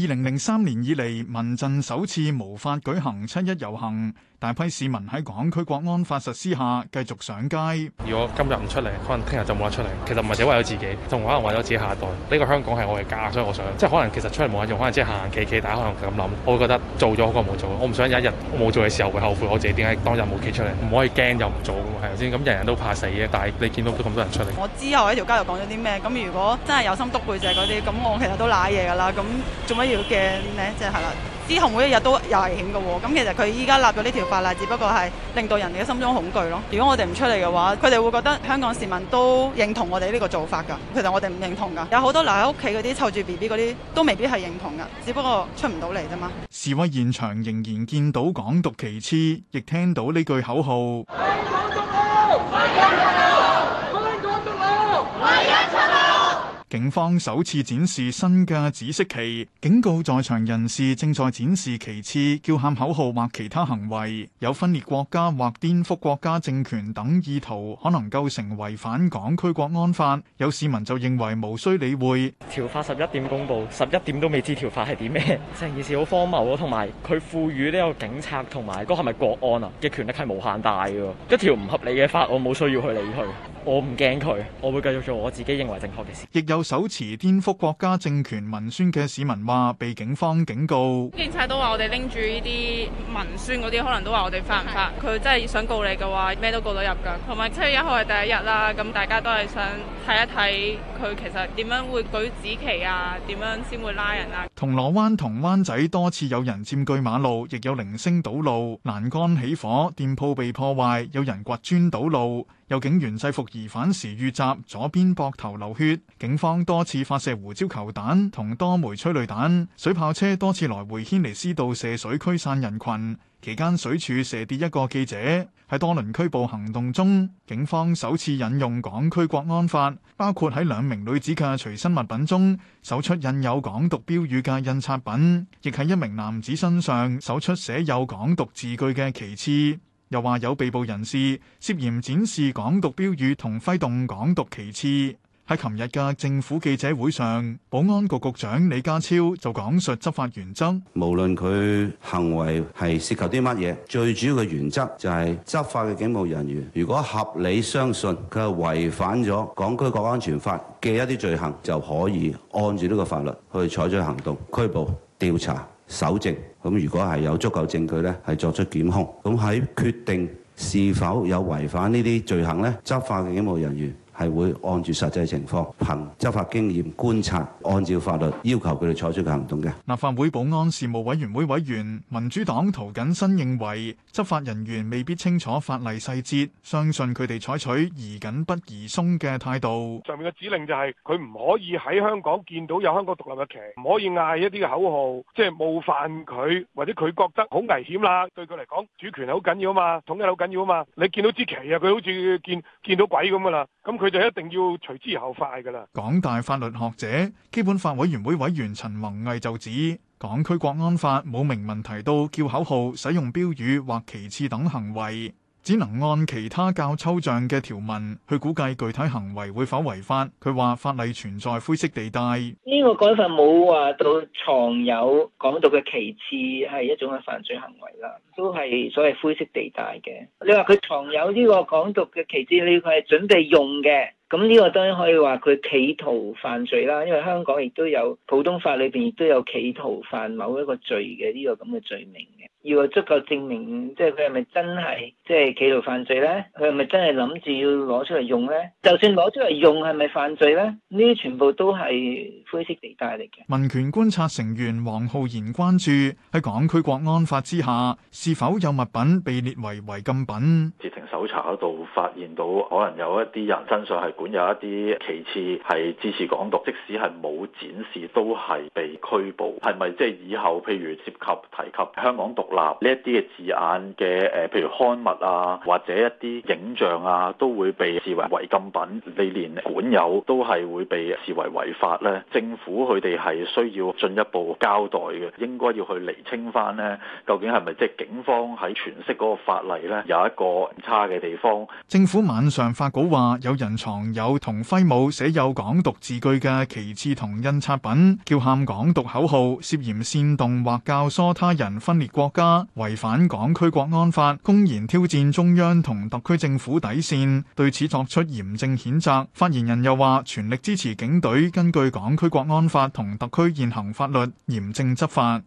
二零零三年以嚟，民陣首次無法舉行七一遊行，大批市民喺港區國安法實施下繼續上街。如果今日唔出嚟，可能聽日就冇得出嚟。其實唔係只為咗自己，仲可能為咗自己下一代。呢個香港係我嘅家，所以我想，即係可能其實出嚟冇用，可能即係行行企企，大家可能咁諗，我會覺得做咗好過冇做。我唔想有一日我冇做嘅時候會後悔，我自己點解當日冇企出嚟。唔可以驚又唔做噶係咪先？咁人人都怕死嘅，但係你見到都咁多人出嚟。我之後喺條街又講咗啲咩？咁如果真係有心督背脊嗰啲，咁我其實都瀨嘢噶啦。咁做乜？即係，係啦，之後每一日都有危險嘅喎。咁其實佢依家立咗呢條法啦，只不過係令到人哋嘅心中恐懼咯。如果我哋唔出嚟嘅話，佢哋會覺得香港市民都認同我哋呢個做法㗎。其實我哋唔認同㗎。有好多留喺屋企嗰啲湊住 B B 嗰啲，都未必係認同㗎。只不過出唔到嚟啫嘛。示威現場仍然見到港獨旗幟，亦聽到呢句口號。警方首次展示新嘅紫色旗，警告在場人士正在展示旗幟、叫喊口號或其他行為，有分裂國家或顛覆國家政權等意圖，可能構成違反港區國安法。有市民就認為無需理會。條法十一點公布，十一點都未知條法係點咩？成件事好荒謬咯，同埋佢賦予呢個警察同埋嗰係咪國安啊嘅權力係無限大嘅，一條唔合理嘅法，我冇需要去理佢，我唔驚佢，我會繼續做我自己認為正確嘅事。亦有。手持顛覆國家政權文宣嘅市民話被警方警告，警察都話我哋拎住呢啲文宣啲，可能都話我哋犯法，佢真係想告你嘅話，咩都告得入噶。同埋七月一號係第一日啦，咁大家都係想睇一睇佢其實點樣會舉旗幟啊，點樣先會拉人啊。銅鑼灣同灣仔多次有人佔據馬路，亦有零星堵路、欄杆起火、店鋪被破壞，有人掘磚堵路。有警員制服疑犯時遇襲，左邊膊頭流血。警方多次發射胡椒球彈同多枚催淚彈，水炮車多次來回軒尼詩道射水驅散人群。期間水柱射跌一個記者，喺多輪拘捕行動中，警方首次引用港區國安法，包括喺兩名女子嘅隨身物品中搜出印有港獨標語嘅印刷品，亦喺一名男子身上搜出寫有港獨字句嘅旗幟，又話有被捕人士涉嫌展示港獨標語同揮動港獨旗幟。喺琴日嘅政府記者會上，保安局局長李家超就講述執法原則，無論佢行為係涉及啲乜嘢，最主要嘅原則就係執法嘅警務人員如果合理相信佢係違反咗《港區國安全法》嘅一啲罪行，就可以按住呢個法律去採取行動拘捕、調查、搜證，咁如果係有足夠證據咧，係作出檢控。咁喺決定是否有違反呢啲罪行咧，執法嘅警務人員。係會按住實際情況，憑執法經驗觀察，按照法律要求佢哋採取嘅行動嘅。立法會保安事務委員會委員民主黨涂謹申認為，執法人員未必清楚法例細節，相信佢哋採取宜緊不宜鬆嘅態度。上面嘅指令就係佢唔可以喺香港見到有香港獨立嘅旗，唔可以嗌一啲嘅口號，即係冒犯佢，或者佢覺得好危險啦。對佢嚟講，主權係好緊要啊嘛，統一好緊要啊嘛。你見到支旗啊，佢好似見，見到鬼咁噶啦。咁佢。佢就一定要隨之後快㗎喇。港大法律學者、基本法委員會委員陳宏毅就指，港區國安法冇明文提到叫口號、使用標語或旗幟等行為。只能按其他較抽象嘅條文去估計具體行為會否違法。佢話法例存在灰色地帶。呢、這個講法冇話到藏有港獨嘅旗幟係一種嘅犯罪行為啦，都係所謂灰色地帶嘅。你話佢藏有呢個港獨嘅旗幟，呢佢係準備用嘅，咁呢個當然可以話佢企圖犯罪啦。因為香港亦都有普通法裏邊亦都有企圖犯某一個罪嘅呢個咁嘅罪名。要足夠證明，即係佢係咪真係即係企喺度犯罪呢？佢係咪真係諗住要攞出嚟用呢？就算攞出嚟用，係咪犯罪呢？呢啲全部都係灰色地帶嚟嘅。民權觀察成員黃浩然關注喺港區國安法之下，是否有物品被列為違禁品。截停搜查嗰度發現到，可能有一啲人身上係管有一啲旗幟係支持港獨，即使係冇展示，都係被拘捕。係咪即係以後譬如涉及提及香港獨呢一啲嘅字眼嘅誒，譬如刊物啊，或者一啲影像啊，都會被視為違禁品。你連管有都係會被視為違法咧。政府佢哋係需要進一步交代嘅，應該要去厘清翻咧，究竟係咪即係警方喺詮釋嗰個法例咧有一個差嘅地方。政府晚上發稿話，有人藏有同揮舞寫有港獨字句嘅旗幟同印刷品，叫喊港獨口號，涉嫌煽動或教唆他人分裂國家違反港區國安法，公然挑戰中央同特區政府底線，對此作出嚴正譴責。發言人又話，全力支持警隊根據港區國安法同特區現行法律嚴正執法。